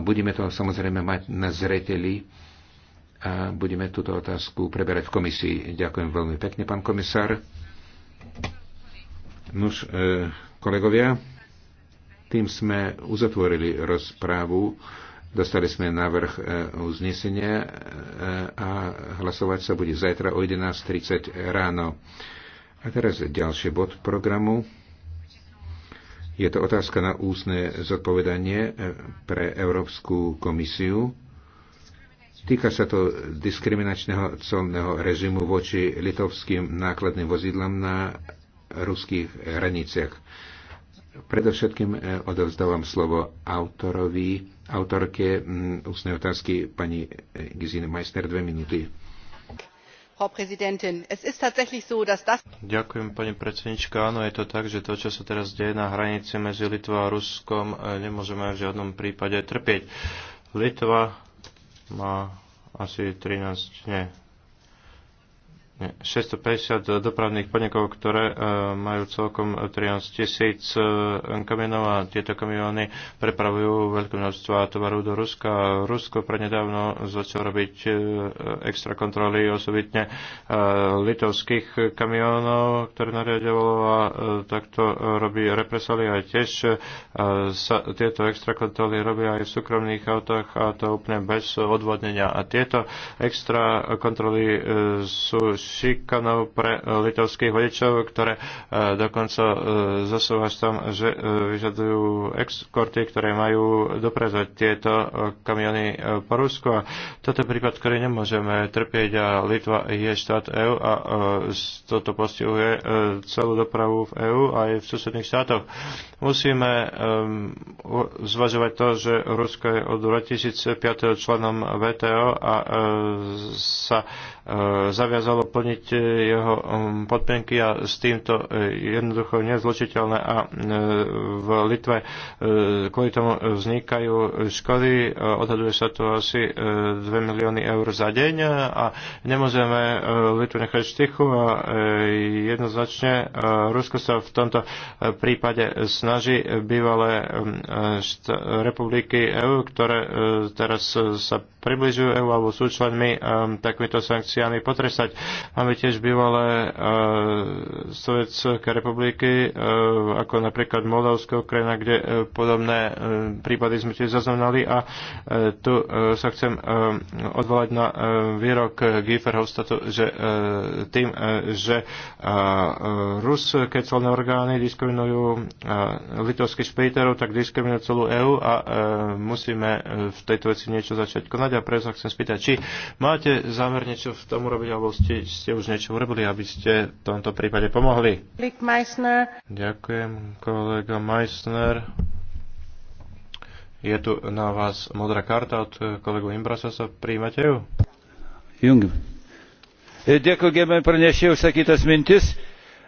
budeme to samozrejme mať na zreteli a budeme túto otázku preberať v komisii. Ďakujem veľmi pekne, pán komisár. Nuž, e, kolegovia, tým sme uzatvorili rozprávu. Dostali sme návrh e, uznesenia e, a hlasovať sa bude zajtra o 11.30 ráno. A teraz ďalší bod programu. Je to otázka na ústne zodpovedanie eh, pre Európsku komisiu. Týka sa to diskriminačného colného režimu voči litovským nákladným vozidlám na ruských hraniciach. Predovšetkým eh, odovzdávam slovo autorovi, autorke mm, ústnej otázky pani eh, Gizine Meister, dve minúty frau präsidentin! es ist tatsächlich so dass das. ďakujem pani predsedníčka áno je to tak že to čo sa teraz deje na hranici medzi litvou a ruskom e, nemôžeme v žiadnom prípade trpieť. litva má asi 13, nie, 650 dopravných podnikov, ktoré e, majú celkom 13 tisíc e, kamionov a tieto kamióny prepravujú veľké množstvo tovaru do Ruska. Rusko prenedávno začalo robiť e, extra kontroly osobitne litovských kamionov, ktoré nariadovalo a takto robí represali a tiež sa tieto extra kontroly robia aj v súkromných autách a to úplne bez odvodnenia. A tieto extra kontroly sú šikanov pre e, litovských vodičov, ktoré e, dokonca e, zasúva tam, že vyžadujú exporty, ktoré majú doprezať tieto kamiony po Rusku. A toto je prípad, ktorý nemôžeme trpieť a Litva je štát EÚ a toto postihuje celú dopravu v EÚ aj v susedných štátoch. Musíme zvažovať to, že Rusko je od 2005. členom VTO a sa zaviazalo plniť e, jeho um, podmienky a s týmto e, jednoducho nezločiteľné a e, v Litve kvôli tomu vznikajú škody, odhaduje sa to asi 2 milióny eur za deň a nemôžeme Litvu nechať štichu a jednoznačne Rusko sa v tomto prípade snaží bývalé um, republiky EU, ktoré teraz sa približujú EU alebo sú členmi takýmito sankciami potrestať. Máme tiež bývalé uh, sovietské republiky, uh, ako napríklad Moldavská Ukrajina, kde uh, podobné uh, prípady sme tiež zaznamenali a uh, tu uh, sa chcem uh, odvolať na uh, výrok Gieferhofstadtu, že uh, tým, uh, že Rus, keď celné orgány diskriminujú uh, litovských špejterov, tak diskriminujú celú EÚ a uh, musíme v tejto veci niečo začať konať a preto sa chcem spýtať, či máte zámer niečo v tom urobiť, alebo ste ste už niečo urobili, aby ste v tomto prípade pomohli. Ďakujem, kolega Meissner. Je tu na vás modrá karta od kolegu Imbrasa, sa príjmate ju? Jung. E, ďakujem, prenešie sa takýtas mintis.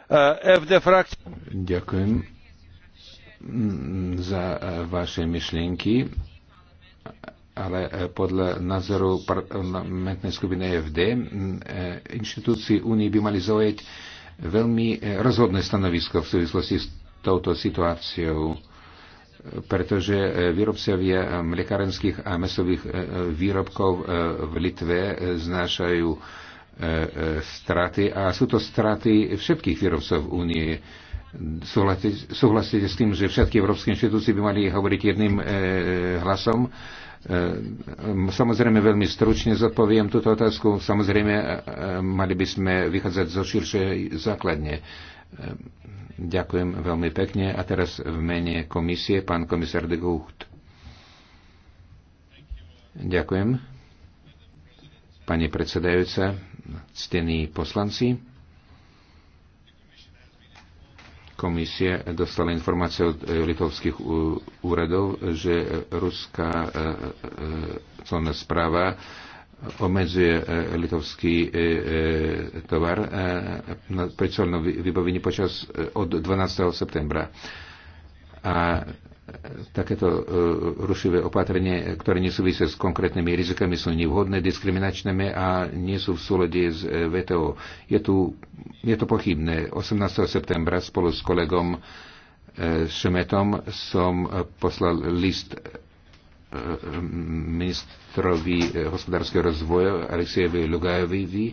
E, FD frakcia. Ďakujem mm, za e, vaše myšlienky ale e, podľa názoru parlamentnej skupiny EFD e, inštitúcii únie by mali zaujať veľmi e, rozhodné stanovisko v súvislosti s touto situáciou, pretože výrobcovia mlekarenských a mesových výrobkov v Litve znášajú straty a sú to straty všetkých výrobcov v Unii. súhlasíte s tým, že všetky európske inštitúcie by mali hovoriť jedným hlasom Ehm, samozrejme, veľmi stručne zodpoviem túto otázku. Samozrejme, e, mali by sme vychádzať zo širšej základne. Ehm, ďakujem veľmi pekne. A teraz v mene komisie, pán komisár de Gucht. Ďakujem. Pani predsedajúca, ctení poslanci. Komisie dostala informácie od eh, litovských eh, úradov, že eh, ruská colná správa obmedzuje litovský tovar pri colnom vybavení počas od 12. septembra. A takéto e, rušivé opatrenie, ktoré nesúvisia s konkrétnymi rizikami, sú nevhodné, diskriminačné a nie sú v súlede s e, VTO. Je, tu, je to pochybné. 18. septembra spolu s kolegom e, Šemetom som poslal list ministrovi hospodárskeho rozvoja Alexejevi Lugajovi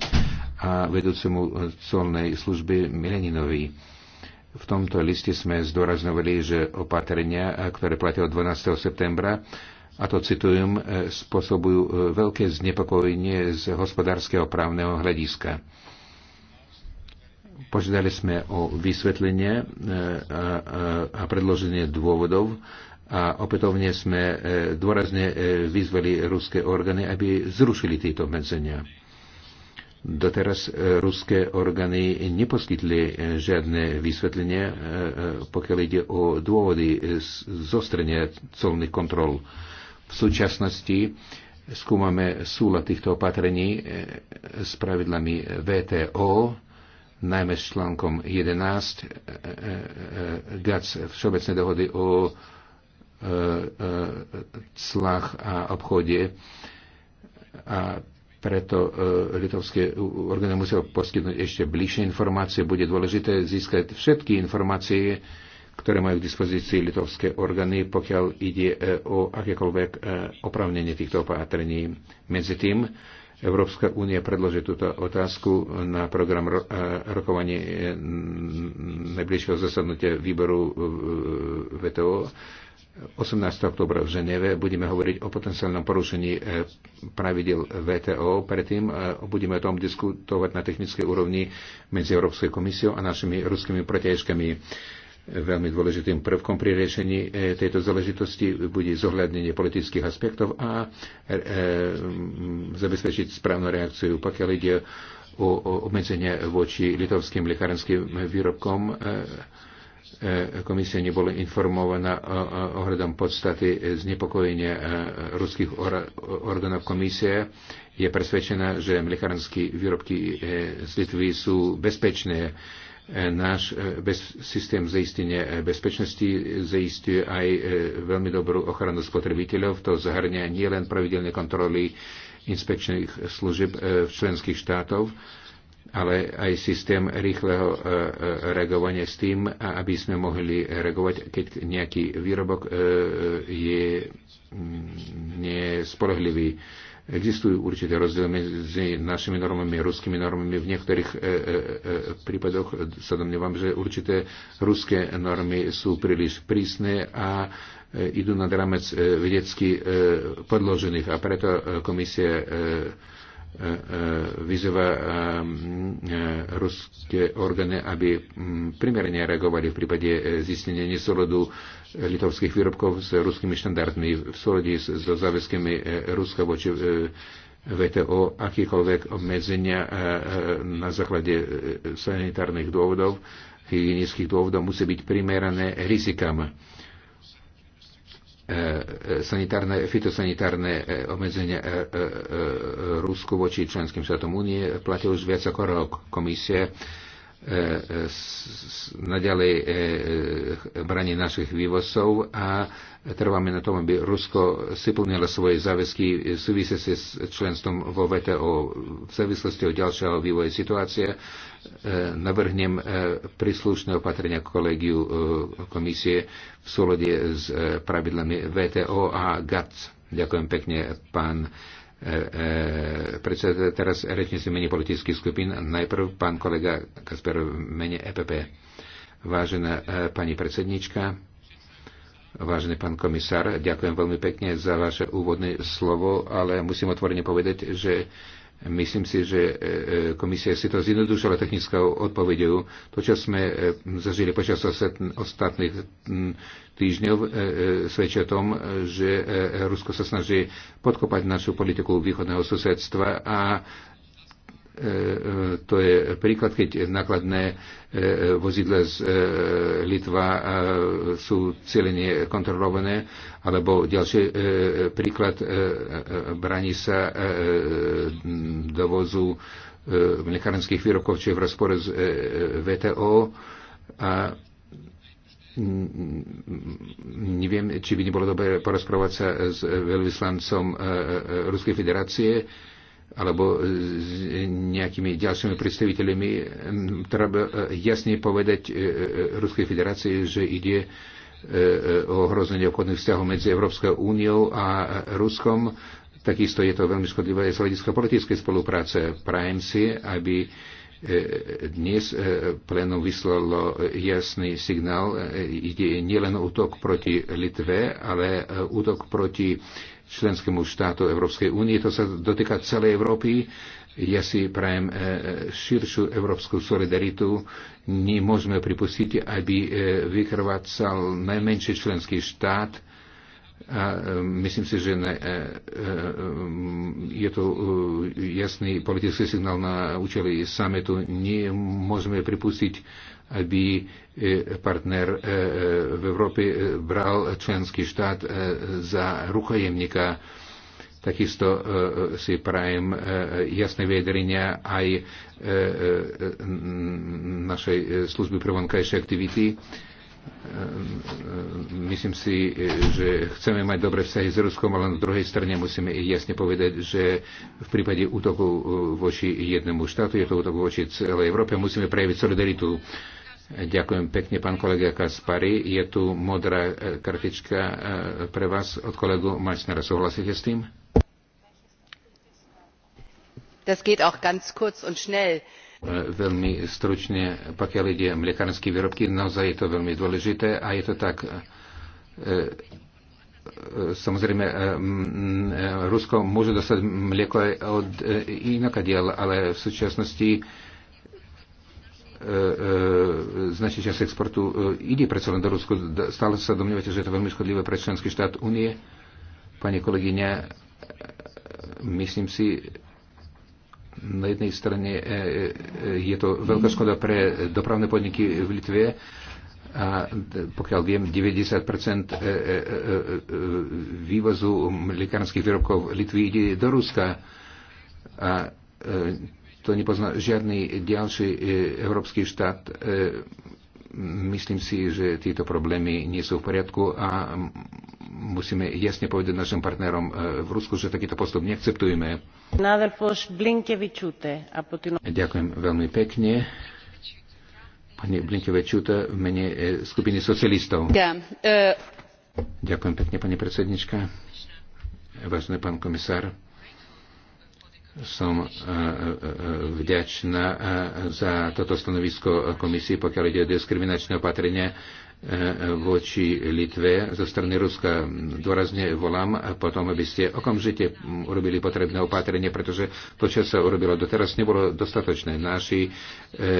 a vedúcemu colnej služby Mileninovi v tomto liste sme zdôrazňovali, že opatrenia, ktoré platia od 12. septembra, a to citujem, e, spôsobujú e, veľké znepokojenie z hospodárskeho právneho hľadiska. Požiadali sme o vysvetlenie e, a predloženie dôvodov a opätovne sme dôrazne vyzvali ruské orgány, aby zrušili tieto obmedzenia. Doteraz e, ruské orgány neposkytli e, žiadne vysvetlenie, e, pokiaľ ide o dôvody zostrenia colných kontrol. V súčasnosti skúmame súla týchto opatrení s pravidlami VTO, najmä s článkom 11 GAC Všeobecnej dohody o clách a obchode a preto e, litovské orgány musia poskytnúť ešte bližšie informácie. Bude dôležité získať všetky informácie, ktoré majú k dispozícii litovské orgány, pokiaľ ide e, o akékoľvek e, opravnenie týchto opatrení. Medzi tým, Európska únia predloží túto otázku na program rokovanie najbližšieho zasadnutia výboru VTO 18. oktobra v Ženeve budeme hovoriť o potenciálnom porušení e, pravidel VTO. Predtým e, budeme o tom diskutovať na technickej úrovni medzi Európskej komisiou a našimi ruskými protiažkami. Veľmi dôležitým prvkom pri riešení e, tejto záležitosti bude zohľadnenie politických aspektov a zabezpečiť správnu reakciu, pokiaľ ide o obmedzenie voči litovským lekárenským výrobkom E, komisia nebola informovaná e, e, ohľadom podstaty znepokojenia ruských orgánov komisie. Je presvedčená, že mlekárenské výrobky z Litvy sú bezpečné. Náš bez, systém zaistenia bezpečnosti zaistuje aj veľmi dobrú ochranu spotrebiteľov. To zahrňa nielen pravidelné kontroly inspekčných služieb v členských štátoch, ale aj systém rýchleho e, e, reagovania s tým, aby sme mohli reagovať, keď nejaký výrobok e, je mm, nespolehlivý. Existujú určité rozdiely medzi našimi normami a ruskými normami. V niektorých e, e, prípadoch sa domnievam, že určité ruské normy sú príliš prísne a e, idú nad rámec e, vedecky e, podložených a preto komisia e, vyzýva eh, eh, ruské orgány, aby mm, primerne reagovali v prípade eh, zistenia nesúladu litovských výrobkov s ruskými štandardmi v súlade so záväzkami Ruska voči VTO akýkoľvek obmedzenia na základe sanitárnych dôvodov, hygienických dôvodov musí byť primerané rizikám E, e, sanitárne, fitosanitárne e, obmedzenia Rusku voči členským štátom únie platia už viac ako rok. Komisia E, e, naďalej e, branie našich vývozov a trváme na tom, aby Rusko si plnilo svoje záväzky súvisiace s členstvom vo VTO. V závislosti od ďalšieho vývoja situácie navrhnem príslušné opatrenia kolegiu komisie v súlode s pravidlami VTO a GATS. Ďakujem pekne, pán E, e, predseda teraz rečníci mene politických skupín. Najprv pán kolega Kasper v mene EPP. Vážená e, pani predsednička, vážený pán komisár, ďakujem veľmi pekne za vaše úvodné slovo, ale musím otvorene povedať, že Myslím si, že e, e, komisia si to zjednodušila technickou odpovedou. To, čo sme e, zažili počas ostatných týždňov, svedčí o tom, že Rusko sa snaží podkopať našu politiku východného susedstva a to je príklad, keď nákladné e, vozidla z e, Litva e, sú cieľene kontrolované, alebo ďalší príklad braní sa dovozu mlekárenských výrokov, čo je v rozpore s VTO a neviem, či by nebolo dobre porozprávať sa s veľvyslancom Ruskej federácie, alebo s nejakými ďalšími predstaviteľmi. Treba e, jasne povedať e, e, Ruskej federácii, že ide o ohrozenie obchodných vzťahov medzi Európskou úniou a Ruskom. Takisto je to veľmi škodlivé z hľadiska politickej spolupráce. Prajem si, aby dnes plénum vyslalo jasný signál. Ide nielen útok proti Litve, ale útok proti členskému štátu Európskej únie. To sa dotýka celej Európy. Ja si prajem e, e, širšiu európsku solidaritu. Nemôžeme pripustiť, aby e, vykrvácal najmenší členský štát. A myslím si, že je to jasný politický signál na účely samitu. Nemôžeme pripustiť, aby e, partner e, e, v Európe bral členský štát za rukojemníka. Takisto si prajem jasné vedrenia aj našej služby pre vonkajšie aktivity Ehm, ehm, myslím si, že chceme mať dobré vzťahy s Ruskom, ale na druhej strane musíme jasne povedať, že v prípade útoku eh, voči jednému štátu, je to útok voči celej Európe, musíme prejaviť solidaritu. Ďakujem pekne, pán kolega Kaspari. Je tu modrá eh, kartička eh, pre vás od kolegu Majsnera. Súhlasíte s tým? Das geht auch ganz kurz und schnell Veľmi stručne, pokiaľ ide o mliekarenské výrobky, naozaj je to veľmi dôležité a je to tak e, e, samozrejme e, Rusko môže dostať mlieko aj od inokadiaľ, ale v súčasnosti značný čas exportu ide predsa len do Rusku. Stále sa domnievate, že je to veľmi škodlivé pre členský štát únie. Pani kolegyňa, myslím si, na jednej strane e, e, je to veľká škoda pre dopravné podniky v Litve a pokiaľ viem, 90 e, vývozu lekárskych výrobkov Litvy ide do Ruska a to nepozná žiadny ďalší európsky štát. Myslím si, že tieto problémy nie sú v poriadku a musíme jasne povedať našim partnerom v Rusku, že takýto postup neakceptujeme Ďakujem veľmi pekne. Pani v mene e, skupiny socialistov. E, Ďakujem pekne, pani predsednička. Vážený pán komisár, som e, vďačná za toto stanovisko komisie, pokiaľ ide o diskriminačné opatrenia voči Litve zo strany Ruska. Dôrazne volám potom, aby ste okamžite urobili potrebné opatrenie, pretože to, čo sa urobilo doteraz, nebolo dostatočné. Naši e, e,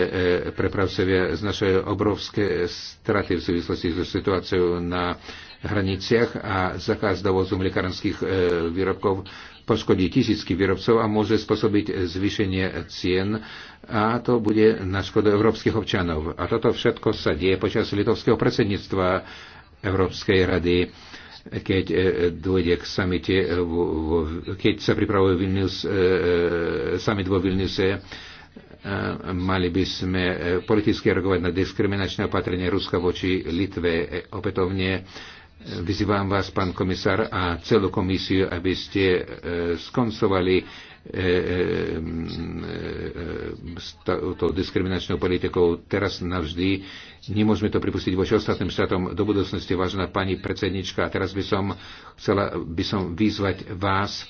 prepravcovia znašajú obrovské straty v súvislosti so situáciou na hraniciach a zakaz dovozu mliekarských e, výrobkov poškodí tisícky výrobcov a môže spôsobiť zvýšenie cien a to bude na škodu európskych občanov. A toto všetko sa deje počas litovského predsedníctva Európskej rady keď e, dôjde k samite, keď sa pripravuje Vilnius, e, e, summit vo Vilniuse, mali by sme politicky reagovať na diskriminačné opatrenie Ruska voči Litve opätovne Vyzývam vás, pán komisár, a celú komisiu, aby ste e, skoncovali e, e, s tou diskriminačnou politikou teraz navždy. Nemôžeme to pripustiť voči ostatným štátom do budúcnosti, vážená pani predsednička. A teraz by som chcela by som vyzvať vás,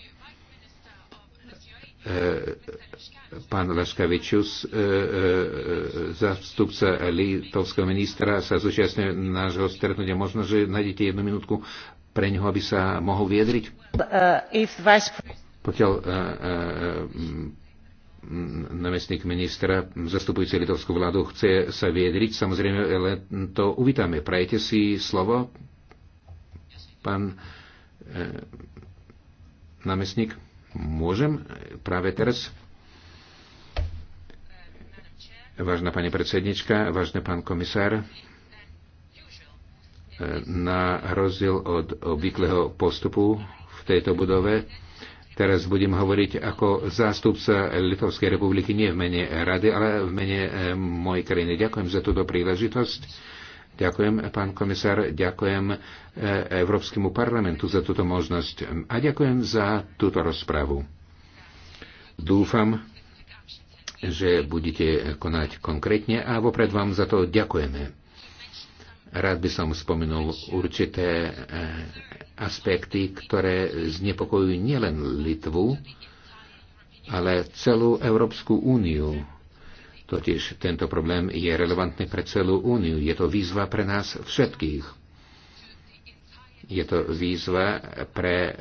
E, pán Laškavičus, e, e, zástupca litovského ministra, sa zúčastňuje nášho stretnutia. Možno, že nájdete jednu minútku pre neho, aby sa mohol vyjadriť? Uh, Pokiaľ namestník ministra, zastupujúci litovskú vládu, chce sa vyjadriť, samozrejme, len to uvítame. Prajete si slovo, pán namestník? Môžem práve teraz? Vážna pani predsednička, vážny pán komisár, na rozdiel od obvyklého postupu v tejto budove, teraz budem hovoriť ako zástupca Litovskej republiky, nie v mene rady, ale v mene eh, mojej krajiny. Ďakujem za túto príležitosť Ďakujem, pán komisár, ďakujem e, Európskemu parlamentu za túto možnosť a ďakujem za túto rozpravu. Dúfam, že budete konať konkrétne a vopred vám za to ďakujeme. Rád by som spomenul určité e, aspekty, ktoré znepokojujú nielen Litvu, ale celú Európsku úniu Totiž tento problém je relevantný pre celú úniu. Je to výzva pre nás všetkých. Je to výzva pre e,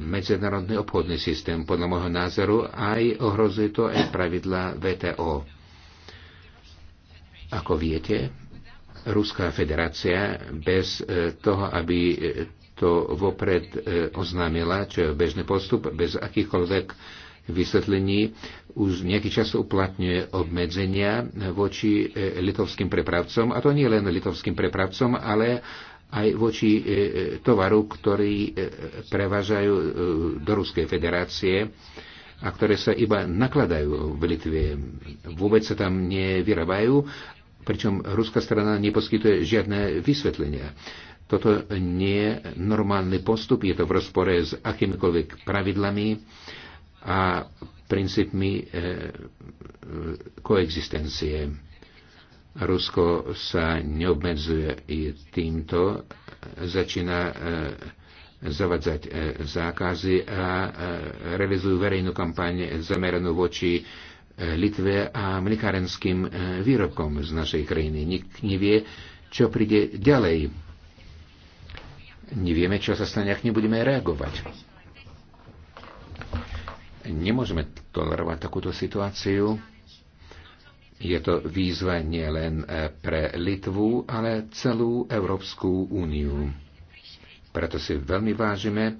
medzinárodný obchodný systém. Podľa môjho názoru aj ohrozuje to aj pravidla VTO. Ako viete, Ruská federácia bez e, toho, aby e, to vopred oznámila, čo je bežný postup, bez akýchkoľvek vysvetlení už nejaký čas uplatňuje obmedzenia voči e, litovským prepravcom, a to nie len litovským prepravcom, ale aj voči e, e, tovaru, ktorý prevážajú do Ruskej federácie a ktoré sa iba nakladajú v Litve. Vôbec sa tam nevyrábajú, pričom ruská strana neposkytuje žiadne vysvetlenia. Toto nie je normálny postup, je to v rozpore s akýmikoľvek pravidlami a princípmi e, e, koexistencie. Rusko sa neobmedzuje i týmto, začína e, zavadzať zákazy a realizujú verejnú kampaň zameranú voči Litve a mlikárenským výrobkom z našej krajiny. Nik nevie, čo príde ďalej. Nevieme, čo sa stane, ak nebudeme reagovať Nemôžeme tolerovať takúto situáciu. Je to výzva nielen e, pre Litvu, ale celú Európsku úniu. Preto si veľmi vážime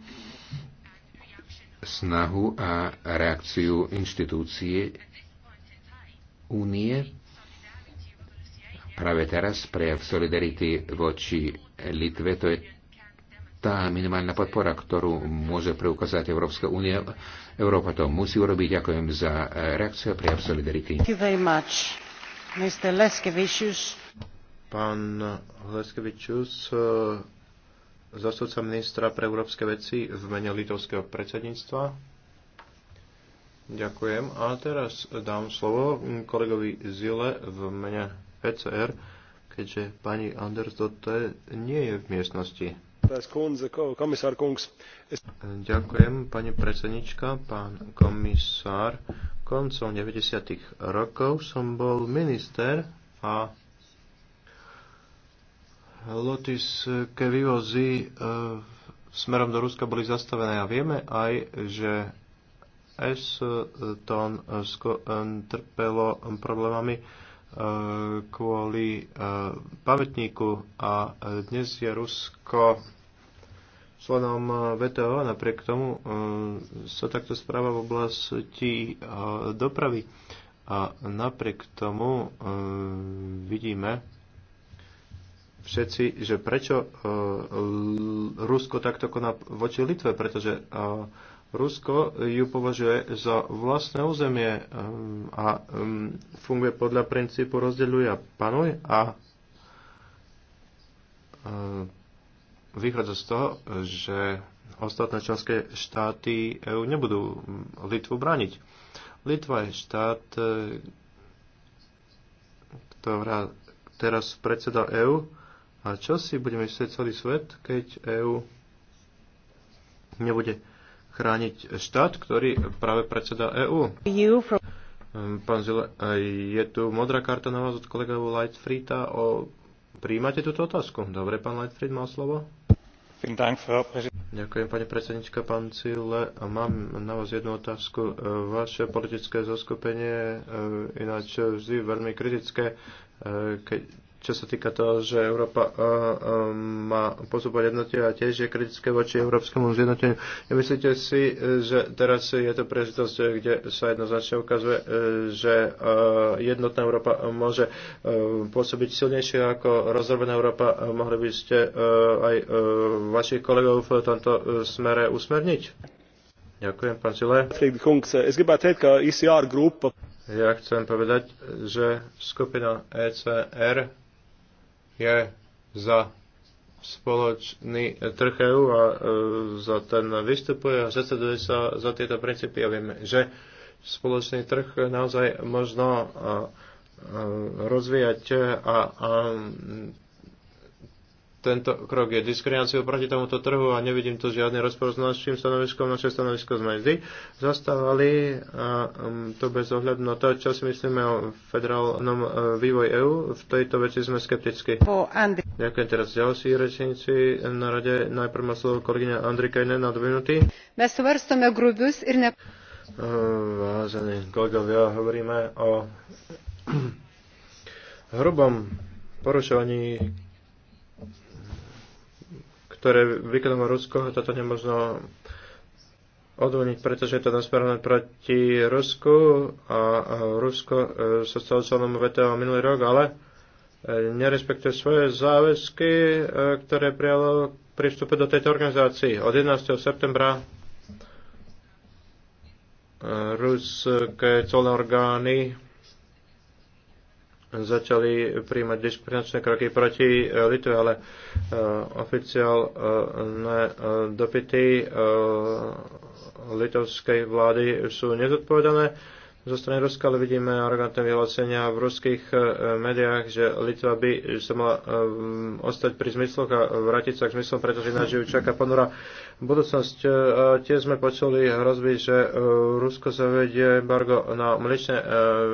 snahu a reakciu inštitúcie únie. Práve teraz prejav solidarity voči Litve, to je tá minimálna podpora, ktorú môže preukázať Európska únia, Európa to musí urobiť. Ďakujem za reakciu a prejav solidarity. Pán Leskevičus, zastupca ministra pre európske veci v mene litovského predsedníctva. Ďakujem. A teraz dám slovo kolegovi Zile v mene ECR, keďže pani Anders Dotte nie je v miestnosti. Ďakujem, pani predsednička, pán komisár. Koncom 90. rokov som bol minister a lotyšské vývozy e, smerom do Ruska boli zastavené a vieme aj, že Eston e, trpelo problémami e, kvôli pamätníku a dnes je Rusko členom eh, VTO, napriek tomu eh, sa takto správa v oblasti eh, dopravy. A napriek tomu vidíme všetci, že prečo Rusko takto koná voči Litve, pretože Rusko ju považuje za vlastné územie a mm, funguje podľa princípu rozdeľuj a panuj a vychádza z toho, že ostatné členské štáty EU nebudú Litvu brániť. Litva je štát, e, ktorá teraz predseda EU A čo si bude myslieť celý svet, keď EÚ nebude chrániť štát, ktorý práve predseda EU. E ehm, pán Zile, e, je tu modrá karta na vás od kolegovu Lightfrieda. O... Príjmate túto otázku? Dobre, pán Lightfried má slovo. Ďakujem, pani predsednička, pán Cíle. Mám na vás jednu otázku. E, vaše politické zoskupenie je ináč vždy veľmi kritické, e, keď čo sa týka toho, že Európa uh, um, má postupovať jednotne a tiež je kritické voči európskemu zjednoteniu. Nemyslíte si, eh, že teraz je to prežitosť, kde sa jednoznačne ukazuje, že uh, jednotná Európa môže uh, pôsobiť silnejšie ako rozrobená Európa? Mohli by ste uh, aj uh, vašich kolegov v tomto uh, smere usmerniť? Ďakujem, pán Sile. Ja chcem povedať, že skupina ECR je za spoločný trh EU a e, za ten vystupuje a zasaduje sa za tieto princípy. Ja viem, že spoločný trh naozaj možno rozvíjať a, a tento krok je diskrimináciou proti tomuto trhu a nevidím tu žiadny rozpor s našim stanoviskom. Naše stanovisko sme vždy zastávali a um, to bez ohľadu na to, čo si myslíme o federálnom uh, vývoji EÚ. V tejto veci sme skeptickí. Ďakujem teraz ďalší rečníci. Na rade najprv má slovo kolegyňa Andrikajne na dve minúty. E, vážení kolegovia, hovoríme o hrubom porušovaní ktoré vykonáva Rusko, toto nemožno odvoniť, pretože je to nasmerané proti Rusku a Rusko e, sa stalo členom VTO minulý rok, ale e, nerespektuje svoje záväzky, e, ktoré prijalo pri vstupe do tejto organizácii. Od 11. septembra ruské colné orgány začali príjmať diskriminačné kroky proti e, Litve, ale e, oficiálne e, dopity litovskej vlády sú nezodpovedané zo strany Ruska, ale vidíme arogantné vyhlásenia v ruských e, médiách, že Litva by sa mala e, ostať pri zmysloch a vrátiť sa k zmyslom, pretože ináč ju čaká ponora budúcnosť. E, tie sme počuli hrozby, že Rusko zavedie embargo na mliečne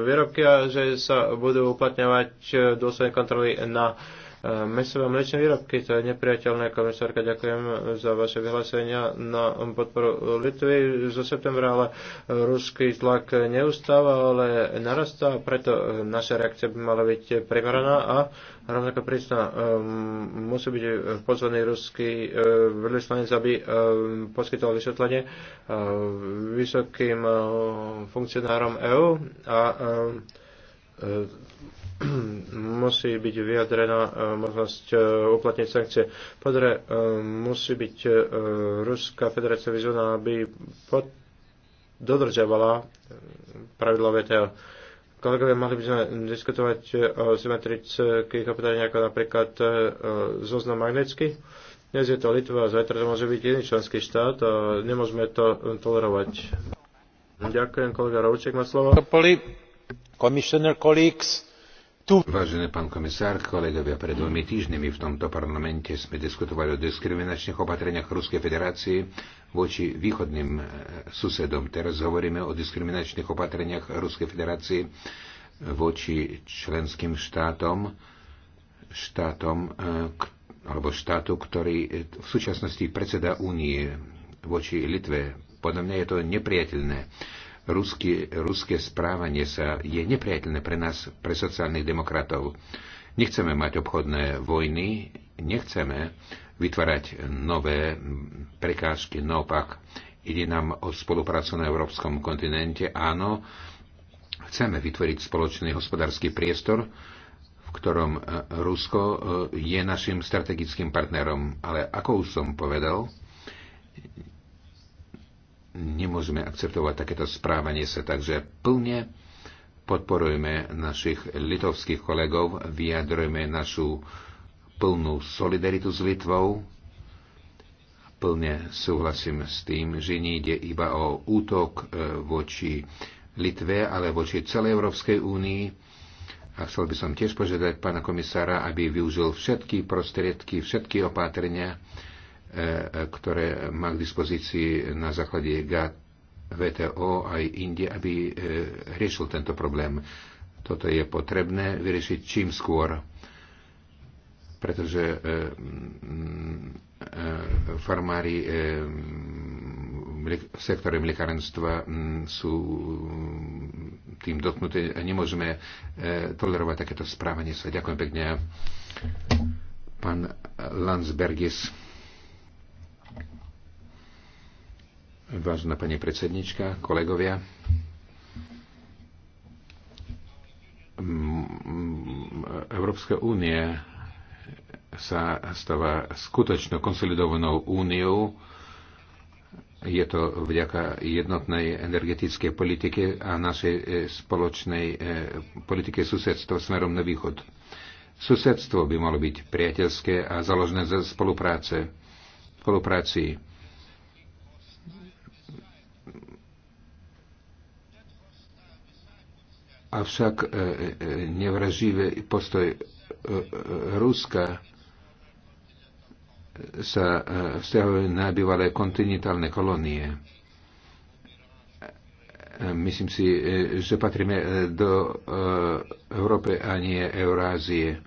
výrobky a že sa budú uplatňovať dôsledné kontroly na mesové a mliečne výrobky. To je nepriateľné. Komisárka, ďakujem za vaše vyhlásenia na podporu Litvy zo septembra, ale ruský tlak neustáva, ale narastá, preto naša reakcia by mala byť primeraná a rovnako prísna. Ehm, musí byť pozvaný ruský ehm, vyslanec, aby ehm, poskytol vysvetlenie vysokým funkcionárom EÚ a musí byť vyjadrená e, možnosť e, uplatniť sankcie. Podre, musí byť e, Ruská federácia vyzvaná, aby pod, dodržiavala pravidla VTO. Kolegovia, mohli by sme diskutovať o symetrických opatreniach ako napríklad zoznam magnetický. Dnes je to Litva, zajtra to môže byť iný členský štát a nemôžeme to tolerovať. Ďakujem, kolega Rovček má slovo. Komisioner, colleagues, tu... Vážený pán komisár, kolegovia, pred dvomi týždňami v tomto parlamente sme diskutovali o diskriminačných opatreniach Ruskej federácie voči východným e, susedom. Teraz hovoríme o diskriminačných opatreniach Ruskej federácie voči členským štátom, štátom e, alebo štátu, ktorý v súčasnosti predseda únie voči Litve. Podľa mňa je to nepriateľné ruské, ruské správanie sa je nepriateľné pre nás, pre sociálnych demokratov. Nechceme mať obchodné vojny, nechceme vytvárať nové prekážky, naopak ide nám o spoluprácu na európskom kontinente, áno, chceme vytvoriť spoločný hospodársky priestor, v ktorom e, Rusko e, je našim strategickým partnerom, ale ako už som povedal, nemôžeme akceptovať takéto správanie sa, takže plne podporujeme našich litovských kolegov, vyjadrujeme našu plnú solidaritu s Litvou. Plne súhlasím s tým, že nie ide iba o útok e, voči Litve, ale voči celej Európskej únii. A chcel by som tiež požiadať pána komisára, aby využil všetky prostriedky, všetky opatrenia, E, ktoré má k dispozícii na základe GATT, VTO aj Indie, aby e, riešil tento problém. Toto je potrebné vyriešiť čím skôr, pretože e, farmári v sektore mliekárenstva sú tým dotknuté a nemôžeme tolerovať takéto správanie sa. Ďakujem pekne. Pán Landsbergis. Vážená pani predsednička, kolegovia, Európska únia sa stáva skutočne konsolidovanou úniou. Je to vďaka jednotnej energetickej politike a našej e, spoločnej e, politike susedstva smerom na východ. Susedstvo by malo byť priateľské a založené ze spolupráce, spolupráci Avšak e, e, nevraživý postoj e, Ruska sa vzťahuje na bývalé kontinentálne kolónie. Myslím si, že patríme do Európy a nie Eurázie.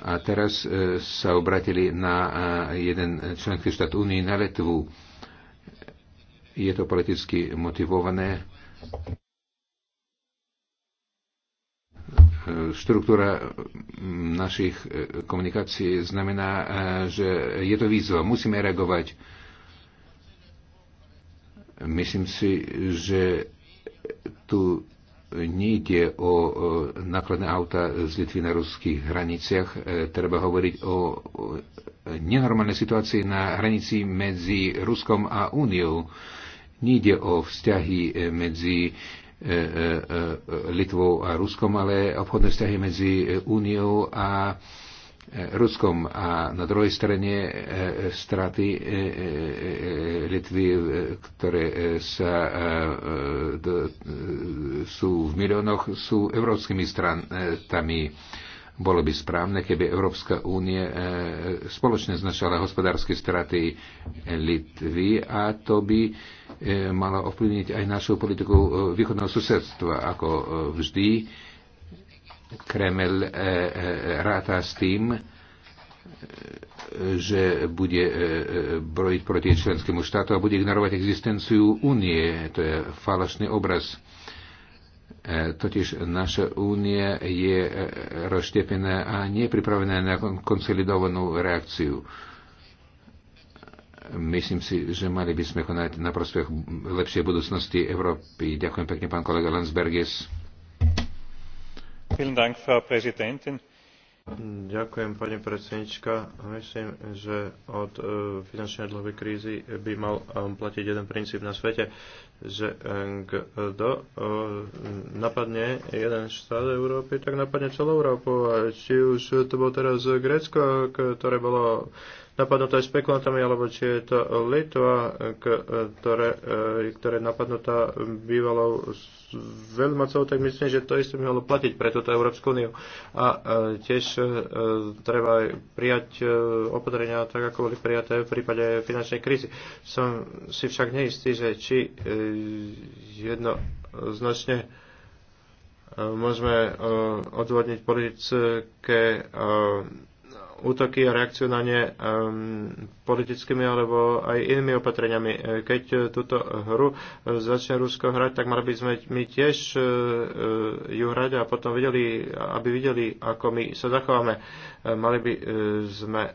A teraz sa obratili na jeden členský štát Unii, na Letvu. Je to politicky motivované. štruktúra eh, našich eh, komunikácií znamená, eh, že je to výzva. Musíme reagovať. Myslím si, že tu nejde o nákladné auta z Litvy na ruských hraniciach. Treba hovoriť o nenormálnej situácii na hranici medzi Ruskom a Úniou. Nejde o vzťahy medzi E, e, e, Litvou a Ruskom, ale obchodné vzťahy medzi Úniou a Ruskom a na druhej strane straty Litvy, ktoré sa, sú v miliónoch, sú európskymi stranami. Bolo by správne, keby Európska únie e, spoločne značala hospodárske straty Litvy a to by e, malo ovplyvniť aj našu politiku e, východného susedstva. Ako vždy, Kreml ráta s tým, že bude brojiť proti členskému štátu a bude ignorovať existenciu únie. To je falošný obraz E, totiž naša únia je e, rozštepená a nie pripravená na konsolidovanú reakciu. Myslím si, že mali by sme konať na prospech lepšej budúcnosti Európy. Ďakujem pekne, pán kolega Landsbergis. Ďakujem, pani predsednička. Myslím, že od e, finančnej dlhovej krízy by mal um, platiť jeden princíp na svete že kto napadne jeden štát Európy, tak napadne celú Európu. A Či už to bolo teraz Grécko, ktoré bolo napadnuté spekulantami, alebo či je to Litva, ktoré, e, ktoré je napadnutá bývalou veľmocou, tak myslím, že to isté by malo platiť pre túto Európsku úniu. A e, tiež e, treba aj prijať opatrenia tak, ako boli prijaté v prípade finančnej krízy. Som si však neistý, že či jednoznačne môžeme odvodniť politické útoky a reakciu na ne ehm, politickými alebo aj inými opatreniami. E, keď e, túto hru e, začne Rusko hrať, tak mali by sme my tiež ju hrať a potom videli, aby videli, ako my sa zachováme. Mali by sme ehm,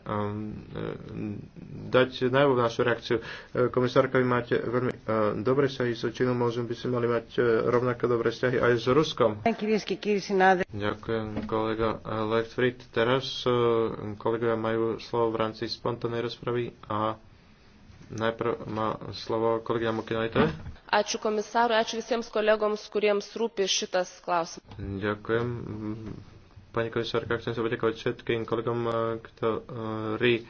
dať najavo našu reakciu. Komisárka, vy máte veľmi dobre sa so Čínou, možno by sme mali mať rovnako dobré vzťahy aj s Ruskom. Ďakujem, kolega Lechtfried. Teraz kolegovia majú slovo v rámci spontánnej rozpravy a najprv má slovo kolegia Mokinaitė. Ačiū komisarui, ačiū visiems kolegoms, kuriems rūpi šitas klausimas. Ďakujem. Pani komisárka, chcem sa poďakovať všetkým kolegom, ktorí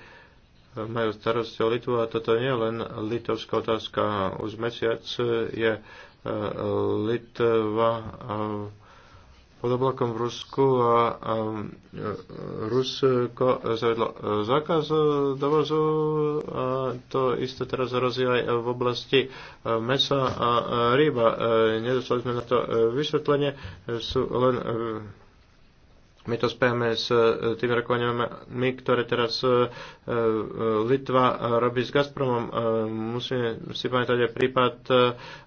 majú starosti o Litvu a toto nie je len litovská otázka. Už mesiac je e, Litva pod oblakom v Rusku a, a e, Rusko zavedlo e, zákaz e, dovozu a to isté teraz hrozí aj v oblasti mesa a ryba. Nedostali sme na to vysvetlenie, sú len my to spájame s e, tými rokovaniami, ktoré teraz e, e, Litva robí s Gazpromom. Musíme si pamätať aj prípad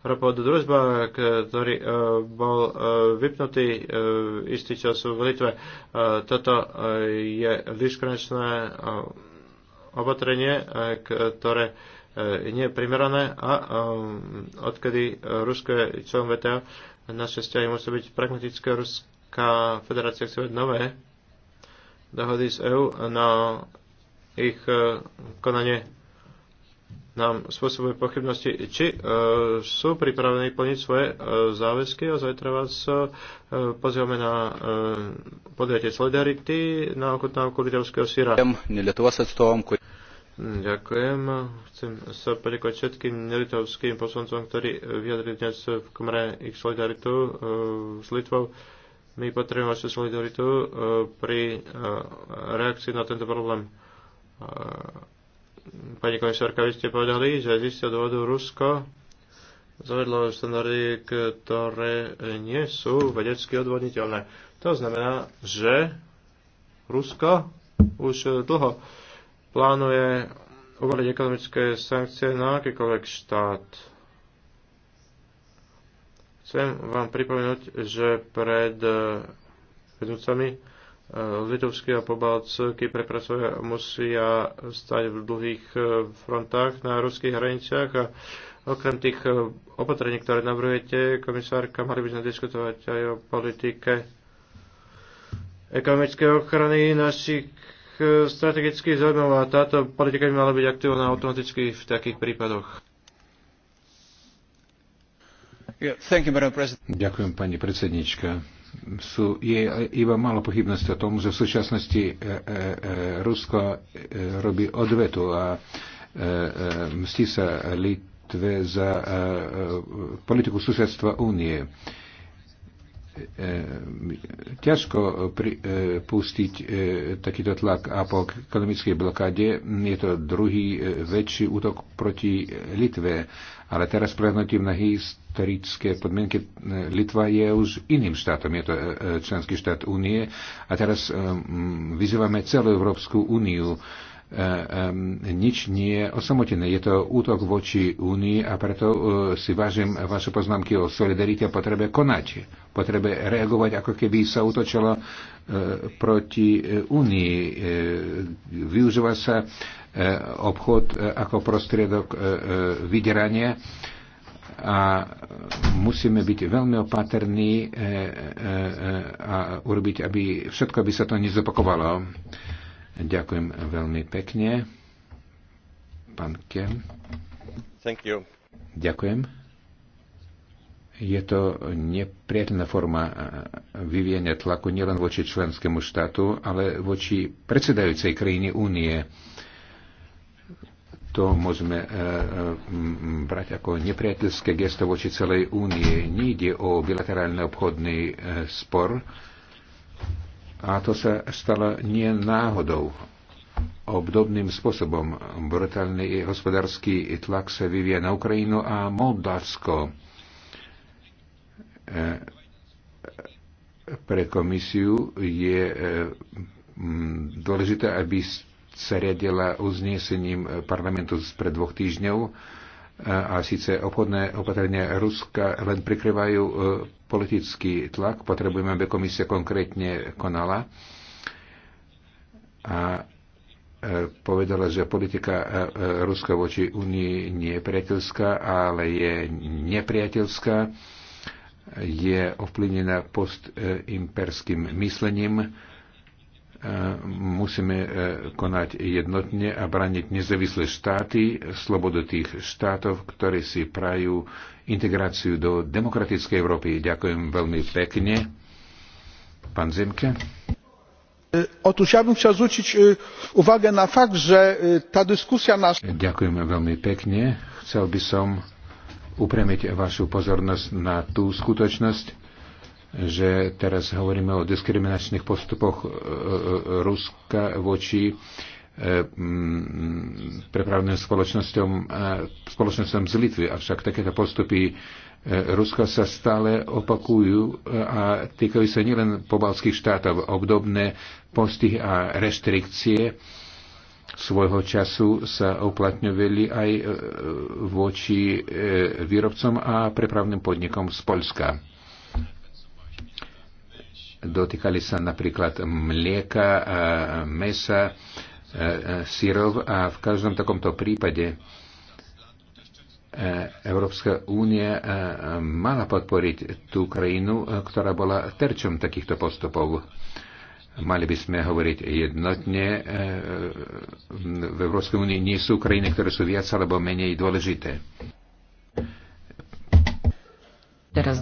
ropovodu Družba, ktorý bol vypnutý istý čas v Litve. Toto je vyškonečné opatrenie, ktoré nie je primerané a odkedy Rusko je členom VTA, naše vzťahy musí byť pragmatické, Rusko k. federácia chce mať nové dohody z EU na ich e, konanie nám spôsobuje pochybnosti, či e, sú pripravení plniť svoje e, záväzky a zajtra vás e, pozývame na e, podujatie Solidarity na okutnávku litevského síra. Ďakujem. Chcem sa poďakovať všetkým nelitovským poslancom, ktorí vyjadrili dnes v Komre ich solidaritu e, s Litvou. My potrebujeme vašu solidaritu e, pri e, reakcii na tento problém. E, pani komisárka, vy ste povedali, že z istého dôvodu Rusko zavedlo štandardy, ktoré nie sú vedecky odvodniteľné. To znamená, že Rusko už dlho plánuje uvaliť ekonomické sankcie na akýkoľvek štát Chcem vám pripomenúť, že pred eh, vedúcami eh, litovské a pobaltskí prepracovia musia stať v dlhých eh, frontách na ruských hraniciach a okrem tých opatrení, ktoré navrhujete, komisárka, mali by sme diskutovať aj o politike ekonomickej ochrany našich strategických zaujímav a táto politika by mala byť aktivovaná automaticky v takých prípadoch. Ďakujem, pani predsednička. Sú, je iba málo pochybnosti o tom, že v súčasnosti e, e, e, Rusko e, robí odvetu a e, e, mstí sa Litve za e, e, politiku susedstva únie. E, E, e, ťažko pri, e, pustiť takýto tlak a po ekonomickej blokáde je to druhý väčší útok proti Litve. Ale teraz prehnutím na historické podmienky Litva je už iným štátom, je to členský štát únie a teraz vyzývame celú Európsku úniu E, nič nie je osamotené. Je to útok voči Únii a preto e, si vážim vaše poznámky o solidarite a potrebe konať, potrebe reagovať, ako keby sa útočilo e, proti Únii. Využíva sa obchod ako prostriedok vydierania a musíme byť veľmi opatrní a urobiť, aby všetko by sa to nezopakovalo. Ďakujem veľmi pekne. Pán Kem. Thank you. Ďakujem. Je to nepriateľná forma vyvíjania tlaku nielen voči členskému štátu, ale voči predsedajúcej krajine únie. To môžeme e, e, brať ako nepriateľské gesto voči celej únie. Nejde o bilaterálny obchodný e, spor, a to sa stalo nie náhodou. Obdobným spôsobom brutálny hospodársky tlak sa vyvíja na Ukrajinu a Moldavsko. E, pre komisiu je e, dôležité, aby sa riadila uznesením parlamentu pred dvoch týždňov a síce obchodné opatrenia Ruska len prikrývajú e, politický tlak. Potrebujeme, aby komisia konkrétne konala a e, povedala, že politika e, Ruska voči Unii nie je priateľská, ale je nepriateľská, je ovplyvnená postimperským myslením E, musíme e, konať jednotne a braniť nezávislé štáty, slobodu tých štátov, ktorí si prajú integráciu do demokratickej Európy. Ďakujem veľmi pekne. Pán Zimke. E, otóż ja bym chciał zwrócić uwagę na fakt, że ta dyskusja nasza... Dziękujemy bardzo pięknie. Chciałbym by Waszą pozorność na tę skuteczność že teraz hovoríme o diskriminačných postupoch e, e, e, Ruska voči mm, prepravným spoločnosťom, spoločnosťom z Litvy. Avšak takéto postupy Ruska sa stále opakujú a týkajú sa nielen pobalských štátov. Obdobné postihy a reštrikcie svojho času sa uplatňovali aj voči výrobcom a prepravným podnikom z Polska dotýkali sa napríklad mlieka, mesa, syrov a v každom takomto prípade Európska únia mala podporiť tú krajinu, ktorá bola terčom takýchto postupov. Mali by sme hovoriť jednotne. V Európskej únii nie sú krajiny, ktoré sú viac alebo menej dôležité. Teraz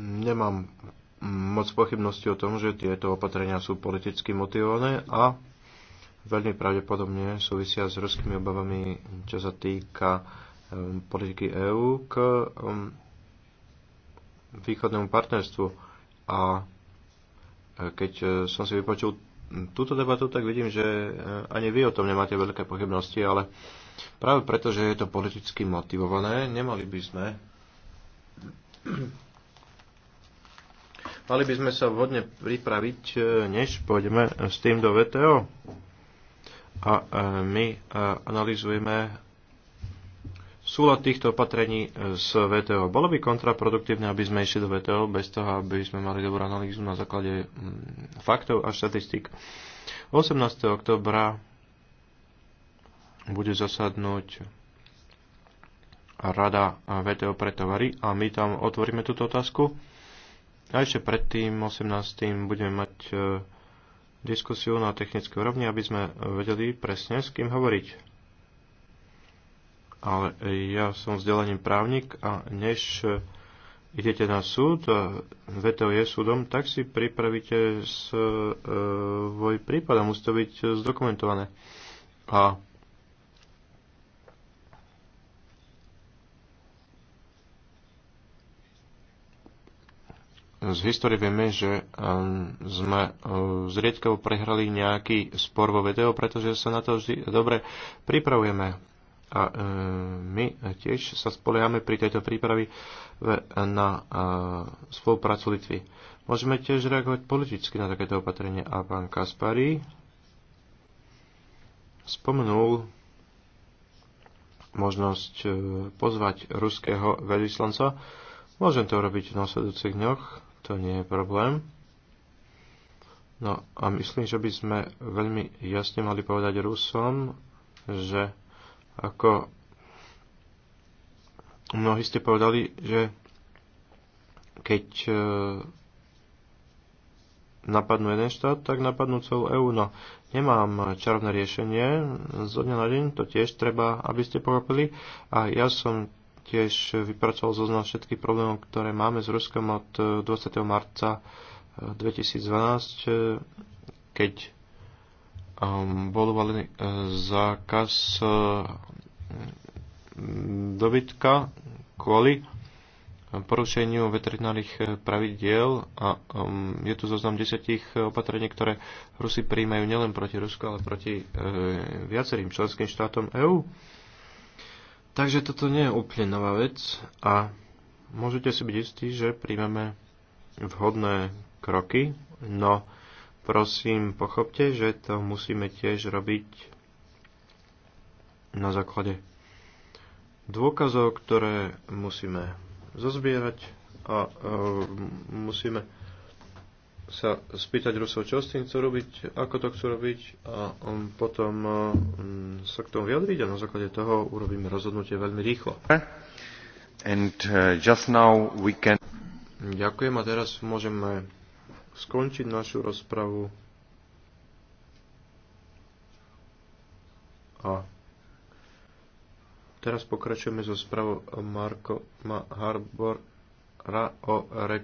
Nemám moc pochybnosti o tom, že tieto opatrenia sú politicky motivované a veľmi pravdepodobne súvisia s ruskými obavami, čo sa týka um, politiky EÚ k um, východnému partnerstvu. A e, keď e, som si vypočul túto debatu, tak vidím, že e, ani vy o tom nemáte veľké pochybnosti, ale práve preto, že je to politicky motivované, nemali by sme Mali by sme sa vhodne pripraviť, e, než pôjdeme s tým do VTO. A e, my e, analizujeme súlad týchto opatrení s VTO. Bolo by kontraproduktívne, aby sme išli do VTO bez toho, aby sme mali dobrú analýzu na základe mm, faktov a štatistík. 18. oktobra bude zasadnúť Rada VTO pre tovary a my tam otvoríme túto otázku a ešte pred tým 18. budeme mať e, diskusiu na technické úrovni, aby sme vedeli presne s kým hovoriť. Ale ja som vzdelaním právnik a než e, idete na súd, VTO je súdom, tak si pripravíte svoj e, prípad a musí to byť zdokumentované. A z histórie vieme, že um, sme zriedkavo uh, prehrali nejaký spor vo videu, pretože sa na to vždy dobre pripravujeme. A uh, my tiež sa spoliehame pri tejto prípravi na uh, spoluprácu Litvy. Môžeme tiež reagovať politicky na takéto opatrenie. A pán Kaspari spomenul možnosť pozvať ruského veľvyslanca. Môžem to urobiť v následujúcich dňoch to nie je problém. No a myslím, že by sme veľmi jasne mali povedať Rusom, že ako mnohí ste povedali, že keď e, napadnú jeden štát, tak napadnú celú EÚ. No, nemám čarovné riešenie zo dňa na deň, to tiež treba, aby ste pochopili. A ja som tiež vypracoval zoznam všetkých problémov, ktoré máme s Ruskom od 20. Eh, marca 2012, eh, eh, keď ehm, bol uvalený zákaz dobytka kvôli porušeniu veterinárnych pravidiel a ehm, je tu zoznam desiatich opatrení, ktoré Rusy príjmajú nielen proti Rusku, ale proti viacerým členským štátom EÚ. Takže toto nie je úplne nová vec a môžete si byť istí, že príjmeme vhodné kroky, no prosím pochopte, že to musíme tiež robiť na základe dôkazov, ktoré musíme zozbierať a uh, musíme sa spýtať Rusov, čo s tým chcú robiť, ako to chcú robiť a on um, potom uh, um, sa k tomu vyjadriť a na základe toho urobíme rozhodnutie veľmi rýchlo. And, uh, just now we can... Ďakujem a teraz môžeme skončiť našu rozpravu a teraz pokračujeme so spravou Marko Harbora o rek